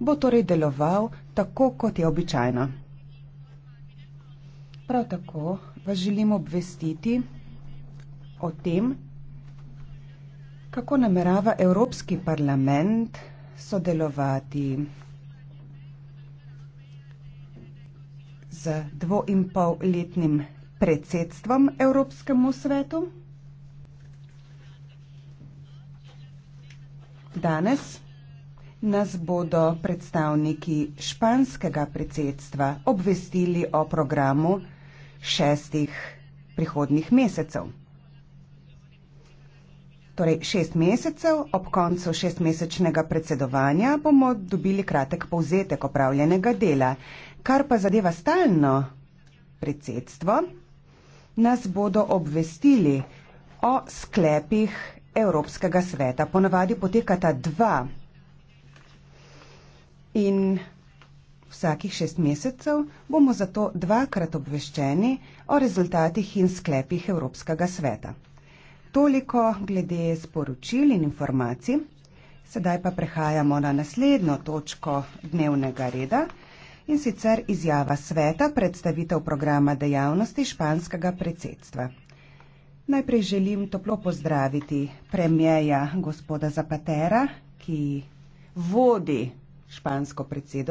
bo torej deloval tako, kot je običajno. Prav tako vas želim obvestiti o tem, kako namerava Evropski parlament sodelovati z dvoinpolletnim predsedstvom Evropskemu svetu. Danes nas bodo predstavniki španskega predsedstva obvestili o programu šestih prihodnih mesecev. Torej šest mesecev, ob koncu šestmesečnega predsedovanja bomo dobili kratek povzetek opravljenega dela. Kar pa zadeva stalno predsedstvo, nas bodo obvestili o sklepih Evropskega sveta. Ponavadi potekata dva in vsakih šest mesecev bomo zato dvakrat obveščeni o rezultatih in sklepih Evropskega sveta. Toliko glede sporočil in informacij. Sedaj pa prehajamo na naslednjo točko dnevnega reda in sicer izjava sveta predstavitev programa dejavnosti španskega predsedstva. Najprej želim toplo pozdraviti premjeja gospoda Zapatera, ki vodi špansko predsedo